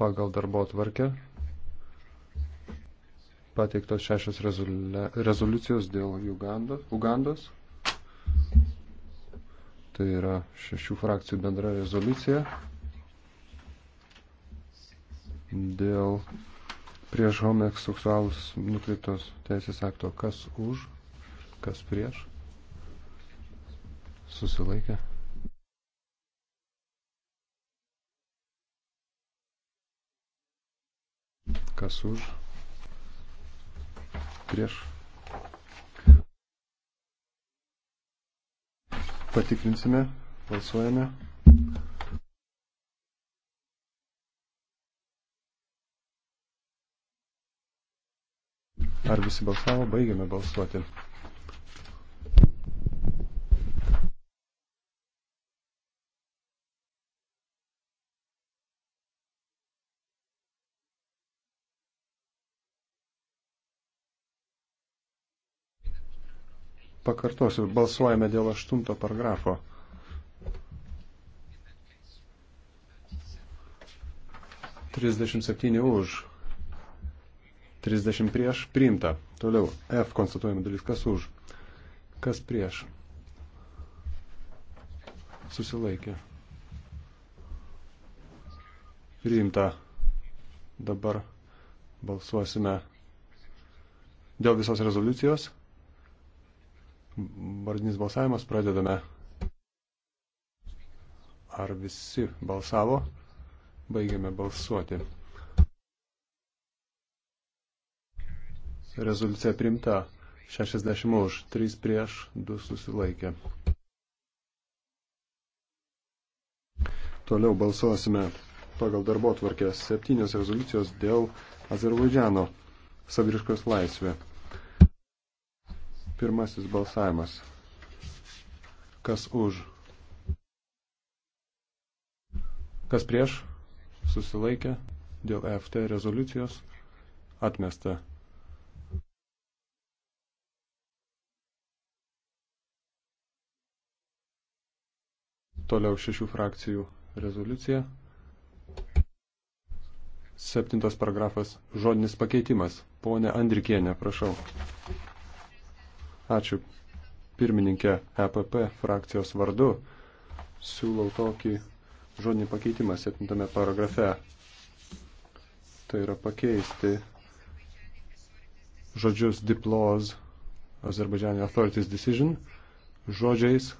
pagal darbo atvarkę pateiktos šešios rezoliucijos dėl Ugandos. Tai yra šešių frakcijų bendra rezoliucija dėl prieš homoseksualus nukreiptos teisės akto. Kas už, kas prieš. Susilaikė. Kas už? Prieš. Patikrinsime, balsuojame. Ar visi balsavo? Baigiame balsuoti. Pakartosiu, balsuojame dėl aštunto paragrafo. Trisdešimt septyni už. 30 prieš priimta. Toliau F konstatuojama dalis. Kas už? Kas prieš? Susilaikė. Priimta. Dabar balsuosime dėl visos rezoliucijos. Vardinis balsavimas pradedame. Ar visi balsavo? Baigiame balsuoti. Rezoliucija primta 60 už, 3 prieš, 2 susilaikė. Toliau balsuosime pagal darbo tvarkę septynios rezoliucijos dėl Azerbaidžiano saviriškos laisvės. Pirmasis balsavimas. Kas už? Kas prieš? Susilaikė dėl EFT rezoliucijos. Atmesta. Toliau šešių frakcijų rezoliucija. Septintas paragrafas. Žodinis pakeitimas. Pone Andrikienė, prašau. Ačiū pirmininkė EPP frakcijos vardu. Siūlau tokį žodinį pakeitimą 7 paragrafe. Tai yra pakeisti žodžius diplos Azerbaidžianio authorities decision žodžiais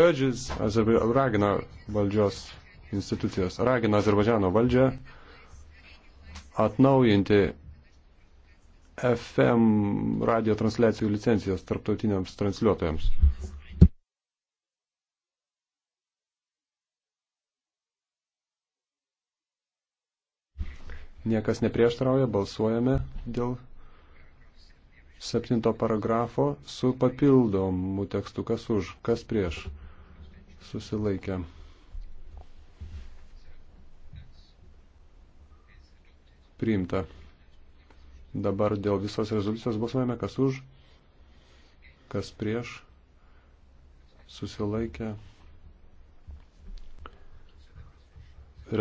urges, ragina valdžios institucijos, ragina Azerbaidžiano valdžią atnaujinti FM radio transliacijų licencijas tarptautiniams transliuotojams. Niekas neprieštarauja, balsuojame dėl septinto paragrafo su papildomu tekstu, kas už, kas prieš susilaikę. Priimta. Dabar dėl visos rezoliucijos balsuojame, kas už, kas prieš, susilaikė.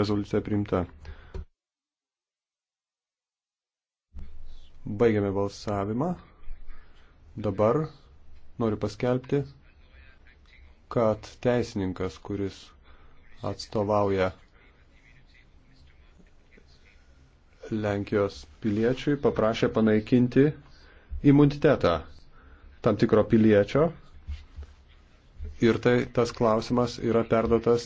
Rezoliucija priimta. Baigiame balsavimą. Dabar noriu paskelbti, kad teisininkas, kuris atstovauja Lenkijos piliečiui paprašė panaikinti imunitetą tam tikro piliečio ir tai tas klausimas yra perdotas